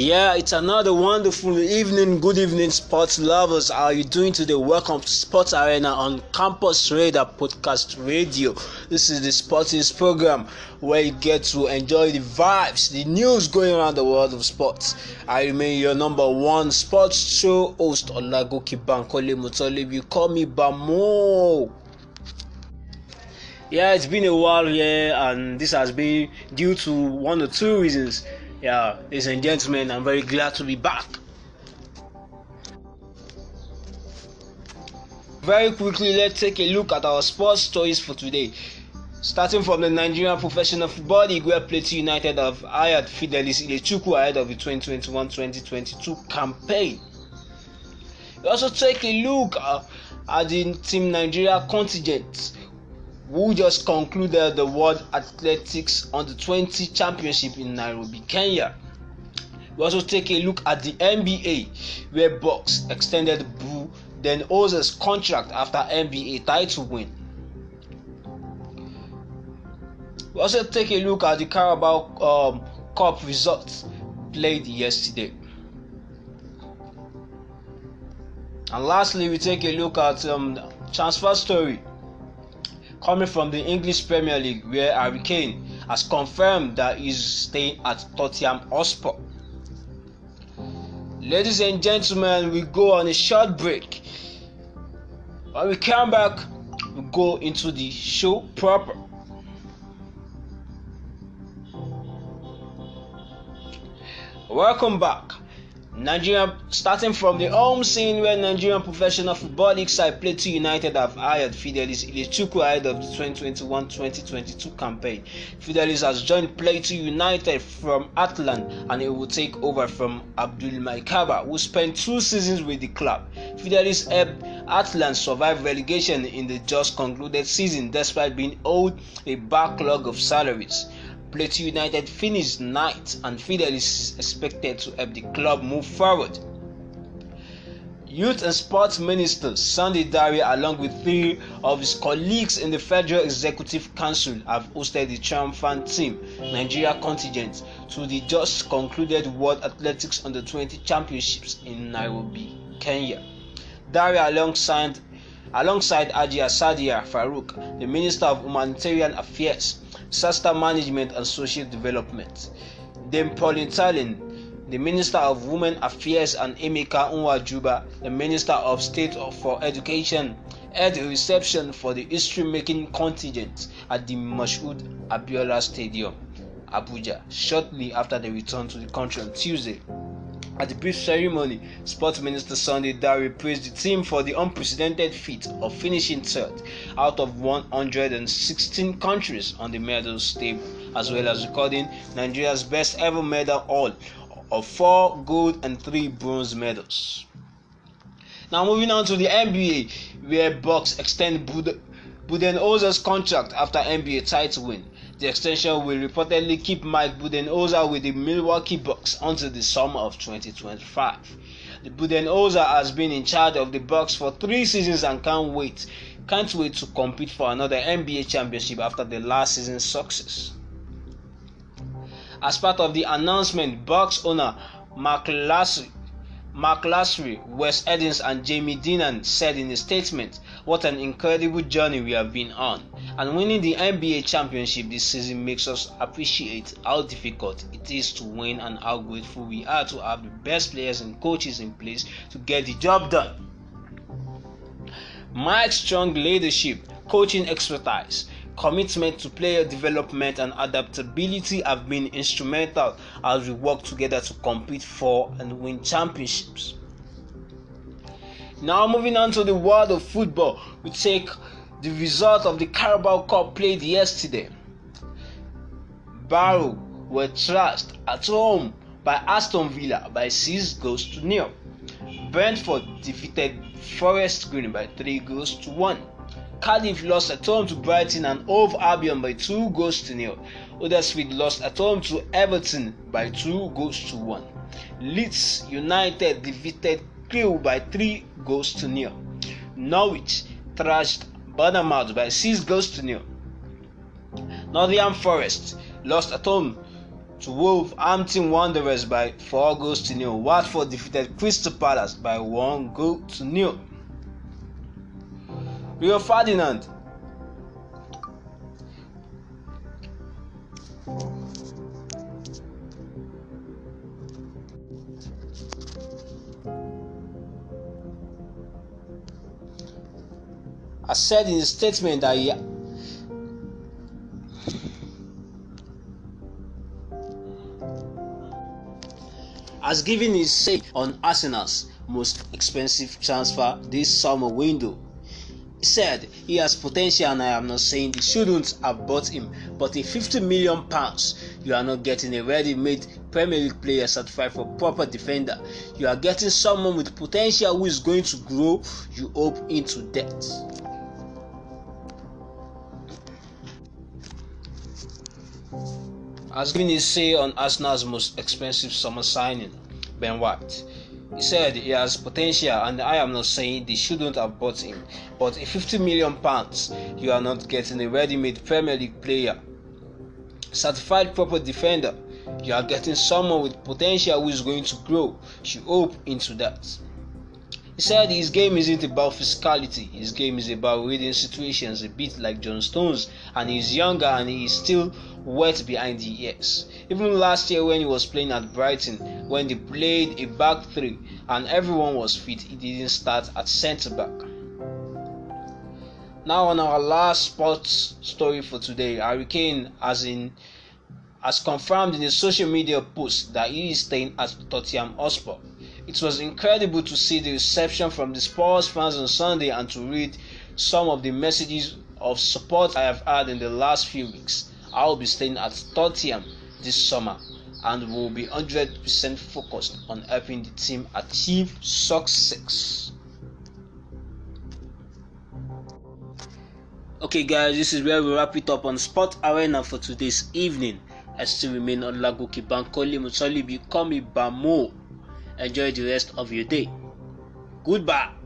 Yeah, it's another wonderful evening. Good evening, sports lovers. How are you doing today? Welcome to Sports Arena on Campus Radar Podcast Radio. This is the sports program where you get to enjoy the vibes, the news going around the world of sports. I remain your number one sports show host, Olagoki Bankole Mutolib. You call me Bamo yeah it's been a while yeah and this has been due to one or two reasons Yeah, ladies and gentlemen, I'm very glad to be back. Very quickly, let's take a look at our sports stories for today. Starting from the Nigerian Professional Football League, where United have hired Fidelis Ilechuku ahead of the 2021-2022 campaign. We also take a look at the Team Nigeria contingent who just concluded the World Athletics Under 20 Championship in Nairobi, Kenya. We also take a look at the NBA, where Bucks extended Boo then holds contract after NBA title win. We also take a look at the Carabao um, Cup results played yesterday. And lastly, we take a look at um, transfer story coming from the English Premier League, where Harry Kane has confirmed that he's staying at Tottenham Hotspur. Ladies and gentlemen, we go on a short break. When we come back, we go into the show proper. Welcome back. Nigeria, starting from the home scene where Nigerian professional football league side to United have hired Fidelis Ilechukwu ahead of the 2021-2022 campaign. Fidelis has joined Plateau United from Atlant and he will take over from Abdul Maikaba, who spent two seasons with the club. Fidelis helped Atlant survive relegation in the just concluded season despite being owed a backlog of salaries. Plateau United finished ninth, and Fidel is expected to help the club move forward. Youth and Sports Minister Sandy Daria, along with three of his colleagues in the Federal Executive Council, have hosted the triumphant team Nigeria contingent to the just concluded World Athletics Under 20 Championships in Nairobi, Kenya. Daria, alongside alongside Haji Asadia Farouk, the Minister of Humanitarian Affairs, Sasta Management and Social Development. Then, Pauline Talin, the Minister of Women Affairs, and Emeka Nwajuba, the Minister of State for Education, held a reception for the history making contingent at the Mashud Abiola Stadium, Abuja, shortly after they returned to the country on Tuesday. At the brief ceremony, Sports Minister Sunday Dari praised the team for the unprecedented feat of finishing third out of 116 countries on the medals table, as well as recording Nigeria's best ever medal haul of four gold and three bronze medals. Now moving on to the NBA, where Bucks extend Budenholzer's contract after NBA title win. The extension will reportedly keep Mike Budenholzer with the Milwaukee Bucks until the summer of 2025. The Budenholzer has been in charge of the Bucks for three seasons and can't wait, can't wait to compete for another NBA championship after the last season's success. As part of the announcement, Bucks owner Mark Lassie Mark Lassery, Wes Edens, and Jamie Dinan said in a statement, What an incredible journey we have been on. And winning the NBA championship this season makes us appreciate how difficult it is to win and how grateful we are to have the best players and coaches in place to get the job done. Mike's strong leadership, coaching expertise, Commitment to player development and adaptability have been instrumental as we work together to compete for and win championships. Now, moving on to the world of football, we take the result of the Carabao Cup played yesterday. Barrow were thrashed at home by Aston Villa by 6 goals to nil. Brentford defeated Forest Green by 3 goals to 1. Cardiff lost at home to Brighton and Hove Albion by 2 goals to nil. Huddersfield lost at home to Everton by 2 goals to 1. Leeds United defeated Crewe by 3 goals to nil. Norwich thrashed Bournemouth by 6 goals to nil. Nottingham Forest lost at home to Wolverhampton Wanderers by 4 goals to nil. Watford defeated Crystal Palace by 1 goal to nil. Rio Ferdinand. I said in his statement that he has given his say on Arsenal's most expensive transfer this summer window said he has potential and I am not saying they shouldn't have bought him, but in 50 million pounds you are not getting a ready-made Premier League player certified for proper defender. You are getting someone with potential who is going to grow you up into debt. As Guinness say on Arsenal's most expensive summer signing, Ben White. He said he has potential, and I am not saying they shouldn't have bought him. But 50 million pounds, you are not getting a ready-made Premier League player. Certified proper defender, you are getting someone with potential who is going to grow. You hope into that. He said his game isn't about physicality, his game is about reading situations a bit like John Stones, and he's younger and he is still wet behind the ears. Even last year when he was playing at Brighton, when they played a back three and everyone was fit, he didn't start at centre back. Now on our last sports story for today, Kane has in has confirmed in a social media post that he is staying at Tottenham Hotspur. It was incredible to see the reception from the Spurs fans on Sunday and to read some of the messages of support I have had in the last few weeks. I will be staying at Tottenham this summer and will be 100% focused on helping the team achieve success. Okay, guys, this is where we wrap it up on Spot Arena for today's evening. I still remain on Lagoki Bankoli Musoli Bikomi Bamo. Enjoy the rest of your day. Goodbye.